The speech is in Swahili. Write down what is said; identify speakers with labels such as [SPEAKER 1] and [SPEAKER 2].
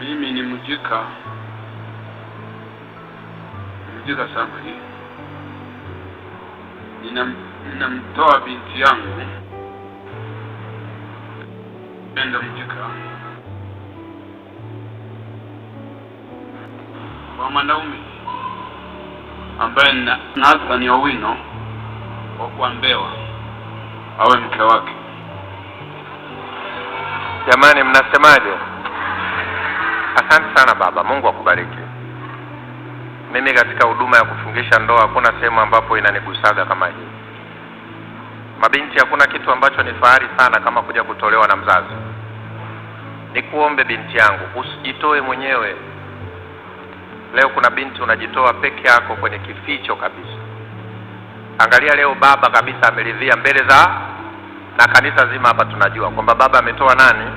[SPEAKER 1] Mimi ni mjika, mjika sana hii. Ninamtoa binti yangu enda mjika kwa mwanaume ambaye na Hasani Owino wa kuambewa awe mke wake.
[SPEAKER 2] Jamani, mnasemaje? Asante sana baba, Mungu akubariki. Mimi katika huduma ya kufungisha ndoa hakuna sehemu ambapo inanigusaga kama hii. Mabinti, hakuna kitu ambacho ni fahari sana kama kuja kutolewa na mzazi. Nikuombe binti yangu, usijitoe mwenyewe. Leo kuna binti unajitoa peke yako kwenye kificho kabisa. Angalia leo baba kabisa ameridhia mbele za na kanisa zima hapa tunajua kwamba baba ametoa nani